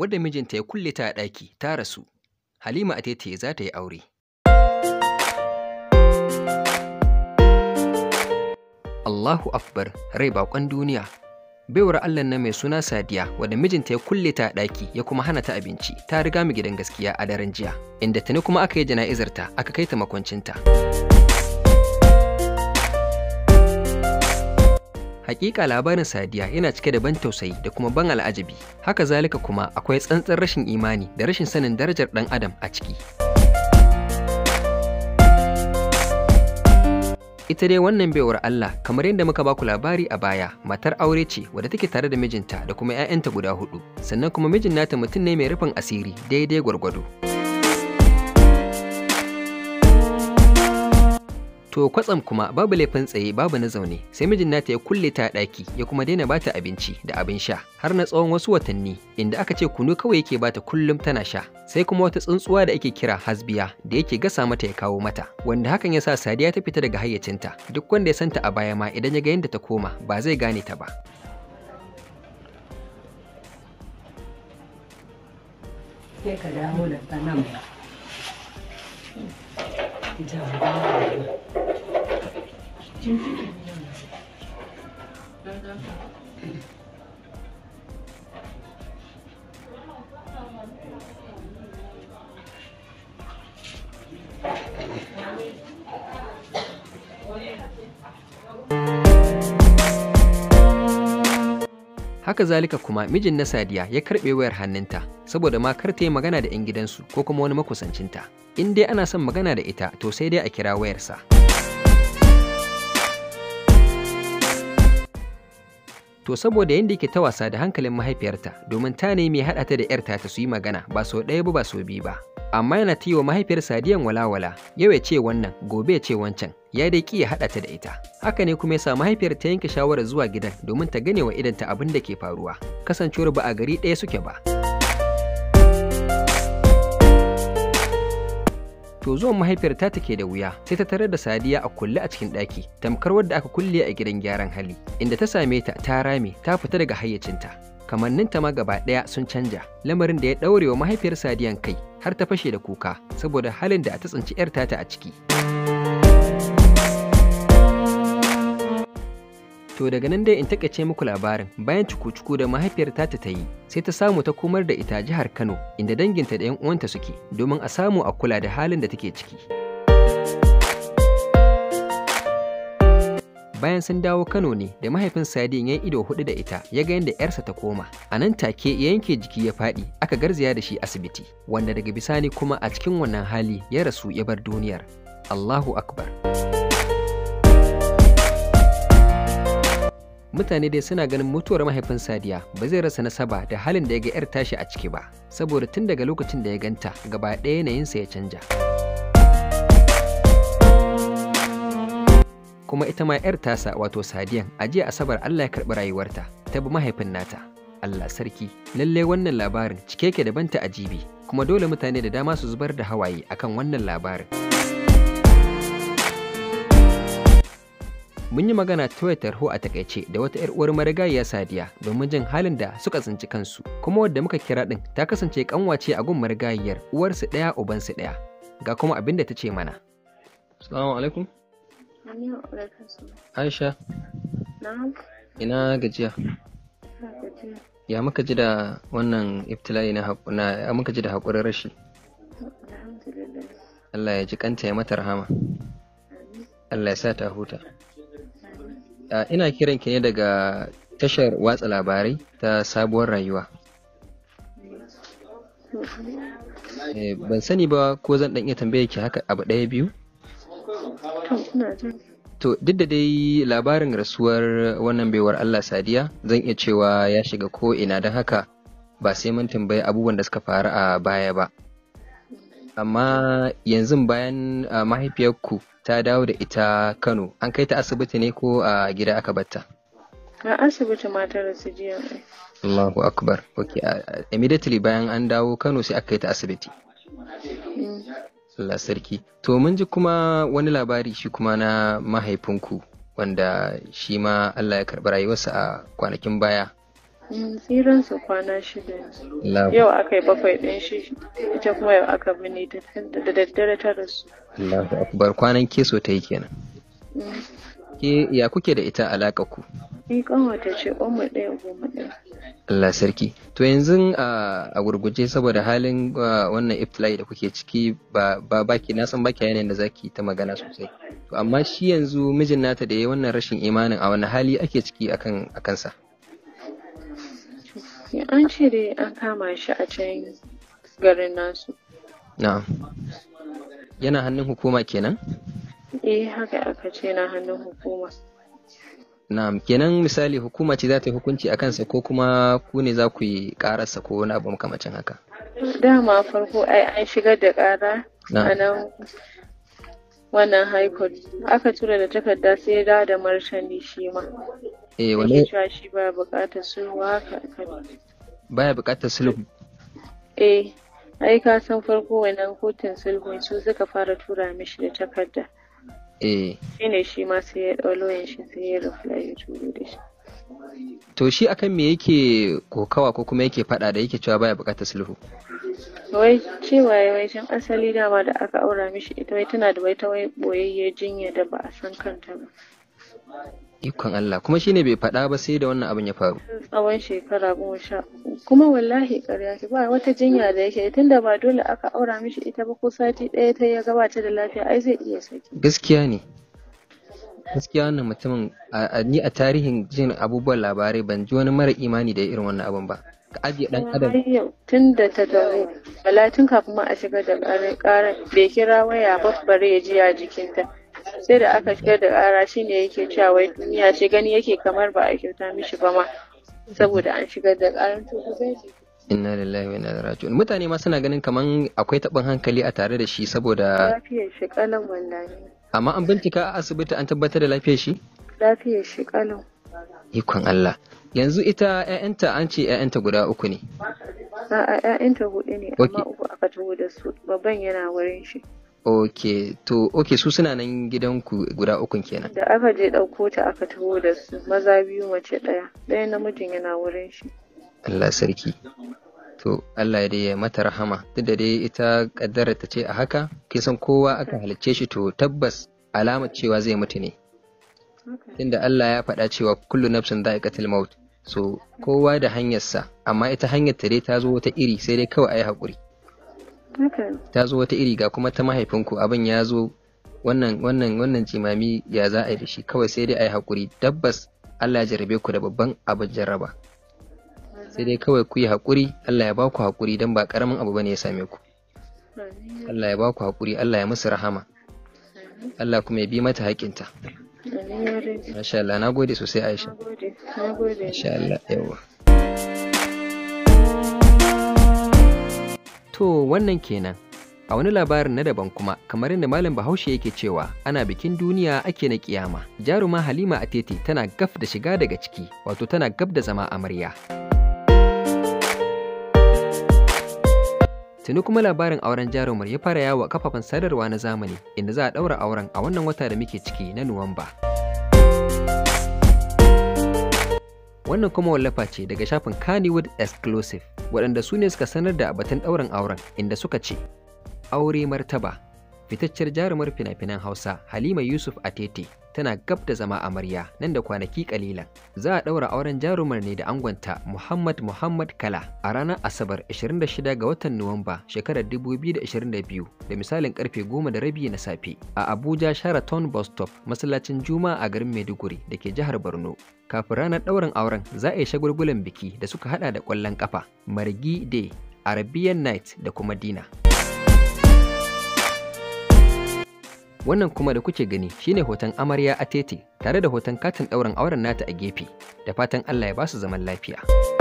wadda mijinta ya kulle ta a ɗaki ta rasu halima a atete za ta yi aure Allahu Akbar rai bakon duniya. Baiwar Allah na mai suna Sadiya wadda mijinta ya kulle ta a ɗaki ya kuma hana ta abinci ta riga mu gidan gaskiya a daren jiya inda tuni kuma aka yi jana'izarta aka kai ta makwancinta. Hakika labarin Sadiya yana cike da ban tausayi da kuma ban al'ajabi. Haka zalika kuma akwai tsantsan rashin imani da rashin sanin darajar ɗan adam a ciki. Ita dai wannan baiwar Allah kamar yadda muka baku labari a baya matar aure ce wadda take tare da mijinta da kuma 'ya'yanta guda hudu sannan kuma mijin nata mutum ne mai rufin asiri daidai gwargwado. To kwatsam kuma babu laifin tsaye babu na zaune sai mijin nata ya kulle ta ɗaki ya kuma daina bata abinci da abin sha har na tsawon wasu watanni inda aka ce kunu kawai yake bata kullum tana sha sai kuma wata tsuntsuwa da ake kira hasbiya da yake gasa mata ya kawo mata wanda hakan yasa sadiya ta fita daga hayyacinta duk wanda ya santa a baya ma idan ya ga yadda ta koma ba zai gane ta ba. ka dawo da ba. 이제 안 지금 찍고 있는 거야. haka zalika kuma mijin na Sadiya ya karɓe wayar hannunta saboda ma kar ta yi magana da 'yan gidansu ko kuma wani makusancinta. In dai ana son magana da ita to sai dai a kira wayarsa. to saboda yadda yake ta wasa da hankalin mahaifiyarta domin ta ne mai haɗa ta da ‘yarta ta su yi magana ba sau ɗaya ba ba sau biyu ba amma yana ta yi wa mahaifiyar sadiyan walawala yau ya ce wannan gobe ya ce wancan ya dai ki ya haɗa ta da ita haka ne kuma ya sa mahaifiyar ta yanke shawarar zuwa gidan domin ta gane wa idanta abin da ke faruwa kasancewar ba a gari ɗaya suke ba. to zuwan mahaifiyarta ta take da wuya sai ta tarar da sadiya a kulle a cikin ɗaki tamkar wadda aka kulle a gidan gyaran hali inda ta same ta ta rame ta fita daga hayyacinta kamanninta ma gaba ɗaya sun canja lamarin da ya ɗaure wa mahaifiyar sadiyan kai har ta fashe da kuka saboda halin da ta tsinci 'yar tata a ciki. To daga nan dai in takaice muku labarin bayan cuku-cuku da mahaifiyar ta ta yi sai ta samu ta komar da ita jihar Kano inda danginta da 'yan uwanta suke domin a samu a kula da halin da take ciki. bayan sun dawo Kano ne da mahaifin Sadiyan ya ido hudu da ita ya ga yadda ‘yarsa ta koma. A nan take ya yanke jiki ya faɗi aka garzaya da shi asibiti wanda daga bisani kuma a cikin wannan hali ya rasu ya bar duniyar. Allahu Akbar. mutane dai suna ganin mutuwar mahaifin sadiya ba zai rasa nasaba da halin da ya ga 'yar tashi a ciki ba saboda tun daga lokacin da ya ganta gaba ɗaya yanayinsa ya canja kuma ita ma 'yar tasa wato sadiyan a jiya asabar allah ya karɓi rayuwarta ta bi mahaifin nata allah sarki lallai wannan labarin cike yake da banta jibi kuma dole mutane da dama su zubar da hawaye akan wannan labarin mun yi magana ta wayar tarho a takaice da wata 'yar uwar marigayiya Sadiya domin jin halin da suka tsinci kansu kuma wadda muka kira din ta kasance kanwace a gun marigayiyar uwarsu ɗaya ubansu ɗaya ga kuma abin da ta ce mana salamu alaikum Aisha ina gajiya ya muka ji da wannan iftila'i na ya muka ji da haƙurin rashi Allah ya ji kanta ya mata rahama Allah ya sa ta huta ina kiran ki ne daga tashar watsa labarai ta sabuwar rayuwa. Eh, ban sani ba ko zan ɗan iya tambaya ki haka abu ɗaya biyu? To, duk da dai labarin rasuwar wannan baiwar Allah Sadiya zan iya cewa ya shiga ko ina don haka ba sai mun tambayi abubuwan da suka faru a baya ba. amma yanzu bayan ah, mahaifiyarku ta dawo da ita Kano an kai ta asibiti ne ko a ah, gida aka batta a asibiti matar da su jiya Allahu akbar Ok, immediately bayan an dawo Kano sai aka kai ta asibiti mm. Allah sarki to mun ji kuma wani labari shi kuma na mahaifinku wanda shi ma Allah ya karɓi rayuwarsa a kwanakin baya Mm, tsiran su kwana shida ne yau aka yi bakwai ɗin shi ita kuma yau aka mini da daddare ta rasu Allahu akbar kwanan keso ta yi kenan mm. ke ya kuke da ita alaƙa ku ni kanwata ce mu ɗaya goma ɗaya Allah sarki to yanzu a gurguje saboda halin wannan iftila'i da kuke ciki ba baki na san baki yanayin da zaki ta magana sosai to amma shi yanzu mijin nata da ya wannan rashin imanin a wani hali ake ciki akan akansa sai an cire an kama shi a can garin nasu na'am yana hannun hukuma kenan eh haka aka ce na hannun hukuma na'am kenan misali hukuma ce za ta yi hukunci a kansa ko kuma ku ne za ku yi kararsa ko wani abu makamacin haka dama farko ai an shigar da kara a nan wannan high court aka tura da takarda sai ya da martani shi ma eh wani cewa shi baya buƙatar sulhu haka baya sulhu eh ai ka san farko wannan kotun sulhu su suka fara tura mishi da takarda eh shine shi ma sai ya ɗau lauyan shi sai ya reply ya turo da shi to shi akan me yake kokawa ko kuma yake faɗa da yake cewa baya buƙatar sulhu wai cewa wai can asali dama da aka aura mishi ita wai tana da wai ta wai boyayye jinya da ba a san kanta ba ikon Allah kuma shine bai faɗa ba sai da wannan abin ya faru tsawon shekara goma sha kuma wallahi ƙarya ki! ba wata jinya da yake tunda ba dole aka aura mishi ita ba ko sati ɗaya ta ya gabata da lafiya ai zai iya saki gaskiya ne gaskiya wannan mutumin ni a tarihin jin abubuwan labarai ban ji wani mara imani da irin wannan abin ba ka ajiye dan adam tun da ta dawo bala tun kafin ma a shiga da ƙarar bai kira waya babbare ya ji a jikinta sai da aka shigar da ƙara shine yake cewa wai duniya ce gani yake kamar ba a kyauta mishi ba ma saboda an shigar da ƙarar tukubanci inna lillahi wa inna ilaihi raji'un mutane ma suna ganin kamar akwai taɓin hankali a tare da shi saboda lafiyar shi kalan wallahi amma an bincika a asibiti an tabbatar da lafiyar shi lafiyar shi kalan ikon Allah yanzu ita 'ya'yanta an ce 'ya'yanta guda uku ne A'a 'ya'yanta hudu ne amma uku aka taho da su babban yana wurin shi ok to oke su suna nan gidanku guda ukun kenan da aka je ɗauko ta aka taho da su maza biyu mace ɗaya ɗaya namijin yana wurin shi Allah sarki to Allah dai ya mata rahama duk da dai ita kaddara ta ce a haka kisan kowa aka halicce shi to tabbas alamar cewa zai mutu ne tunda Allah ya faɗa cewa kullu nafsin dha'iqatul maut so kowa da hanyarsa amma ita hanyar ta dai ta zo wata iri sai dai kawai a yi haƙuri ta zo wata iri ga kuma ta mahaifinku abin ya zo wannan wannan wannan jimami ya za a yi da shi kawai sai dai a yi haƙuri tabbas Allah ya jarabe ku da babban abin jarraba sai dai kawai ku yi haƙuri Allah ya ba ku haƙuri don ba ƙaramin abu bane ya same ku Allah ya ba ku haƙuri Allah ya musu rahama Allah kuma ya bi mata haƙinta Masha Allah na gode sosai Aisha Masha Allah yawa To wannan kenan. A wani labarin na daban kuma, kamar yadda Malam Bahaushe yake cewa ana bikin duniya ake na kiyama. Jaruma Halima a titi tana gaf da shiga daga ciki, wato tana gaf da zama amarya. Tuni kuma labarin auren jarumar ya fara yawo a kafafen sadarwa na zamani, inda za a ɗaura auren a wannan wata da muke ciki na Nuwamba. wannan kuma wallafa ce daga shafin Kannywood Exclusive waɗanda su ne suka sanar da batun ɗaurin auren inda suka ce aure martaba fitaccen jarumar fina-finan Hausa Halima Yusuf Atete tana gab da zama amarya nan da kwanaki kalilan za a ɗaura auren jarumar ne da angonta muhammad muhammad kala a ranar asabar 26 ga watan nuwamba shekarar 2022 da misalin karfe 10 da rabi na safe a abuja sharaton bus stop masallacin juma'a a garin maiduguri da ke jihar borno kafin ranar ɗaurin auren za a yi shagulgulan biki da suka hada da ƙwallon ƙafa margi day arabian night da kuma dina Wannan kuma da kuke gani shine hoton amarya a tete tare da hoton katin ɗaurin auren nata a gefe, da fatan Allah ya ba su zaman lafiya.